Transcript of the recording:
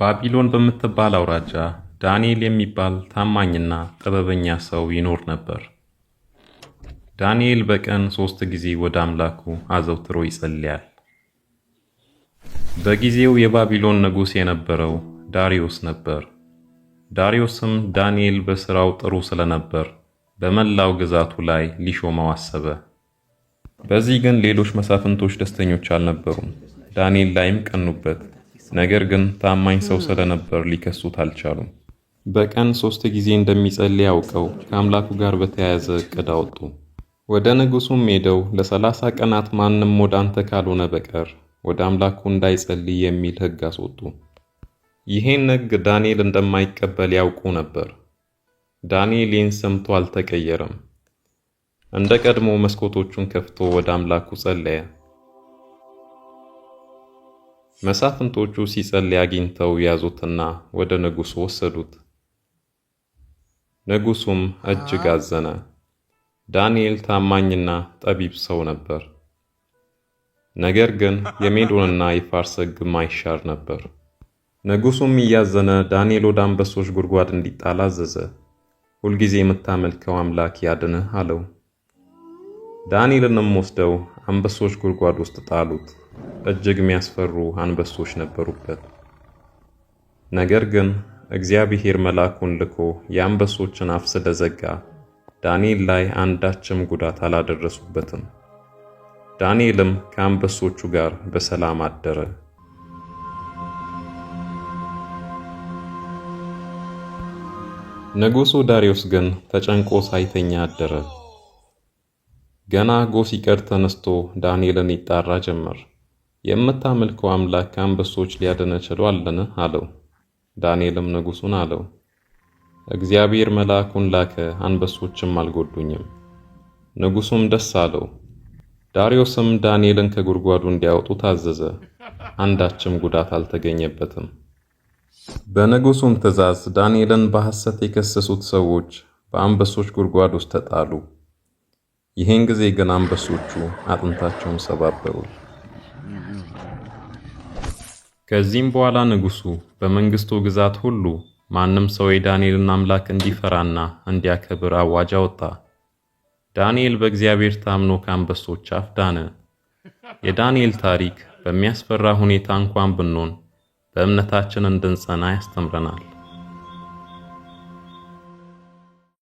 ባቢሎን በምትባል አውራጃ ዳንኤል የሚባል ታማኝና ጥበበኛ ሰው ይኖር ነበር። ዳንኤል በቀን ሶስት ጊዜ ወደ አምላኩ አዘውትሮ ይጸልያል። በጊዜው የባቢሎን ንጉሥ የነበረው ዳሪዮስ ነበር። ዳሪዮስም ዳንኤል በሥራው ጥሩ ስለነበር በመላው ግዛቱ ላይ ሊሾመው አሰበ። በዚህ ግን ሌሎች መሳፍንቶች ደስተኞች አልነበሩም፣ ዳንኤል ላይም ቀኑበት። ነገር ግን ታማኝ ሰው ስለነበር ሊከሱት አልቻሉም። በቀን ሶስት ጊዜ እንደሚጸልይ አውቀው ከአምላኩ ጋር በተያያዘ እቅድ አወጡ። ወደ ንጉሱም ሄደው ለሰላሳ ቀናት ማንም ወደ አንተ ካልሆነ በቀር ወደ አምላኩ እንዳይጸልይ የሚል ሕግ አስወጡ። ይሄን ሕግ ዳንኤል እንደማይቀበል ያውቁ ነበር። ዳንኤል ይህን ሰምቶ አልተቀየረም። እንደ ቀድሞ መስኮቶቹን ከፍቶ ወደ አምላኩ ጸለየ። መሳፍንቶቹ ሲጸልይ አግኝተው ያዙትና ወደ ንጉሡ ወሰዱት። ንጉሡም እጅግ አዘነ። ዳንኤል ታማኝና ጠቢብ ሰው ነበር። ነገር ግን የሜዶንና የፋርስ ሕግ ማይሻር ነበር። ንጉሡም እያዘነ ዳንኤል ወደ አንበሶች ጉድጓድ እንዲጣል አዘዘ። ሁልጊዜ የምታመልከው አምላክ ያድንህ አለው። ዳንኤልንም ወስደው አንበሶች ጉድጓድ ውስጥ ጣሉት። እጅግ የሚያስፈሩ አንበሶች ነበሩበት። ነገር ግን እግዚአብሔር መልአኩን ልኮ የአንበሶችን አፍ ስለዘጋ ዳንኤል ላይ አንዳችም ጉዳት አላደረሱበትም። ዳንኤልም ከአንበሶቹ ጋር በሰላም አደረ። ንጉሡ ዳርዮስ ግን ተጨንቆ ሳይተኛ አደረ። ገና ጎህ ሲቀድ ተነስቶ ዳንኤልን ይጣራ ጀመር። የምታመልከው አምላክ ከአንበሶች ሊያድነህ ችሏልን? አለው። ዳንኤልም ንጉሱን አለው፣ እግዚአብሔር መልአኩን ላከ፣ አንበሶችም አልጎዱኝም። ንጉሱም ደስ አለው። ዳርዮስም ዳንኤልን ከጉድጓዱ እንዲያወጡ ታዘዘ፣ አንዳችም ጉዳት አልተገኘበትም። በንጉሱም ትእዛዝ ዳንኤልን በሐሰት የከሰሱት ሰዎች በአንበሶች ጉድጓድ ውስጥ ተጣሉ። ይህን ጊዜ ግን አንበሶቹ አጥንታቸውን ሰባበሩ። ከዚህም በኋላ ንጉሡ በመንግስቱ ግዛት ሁሉ ማንም ሰው የዳንኤልን አምላክ እንዲፈራና እንዲያከብር አዋጅ አወጣ። ዳንኤል በእግዚአብሔር ታምኖ ከአንበሶች አፍ ዳነ። የዳንኤል ታሪክ በሚያስፈራ ሁኔታ እንኳን ብንሆን በእምነታችን እንድንጸና ያስተምረናል።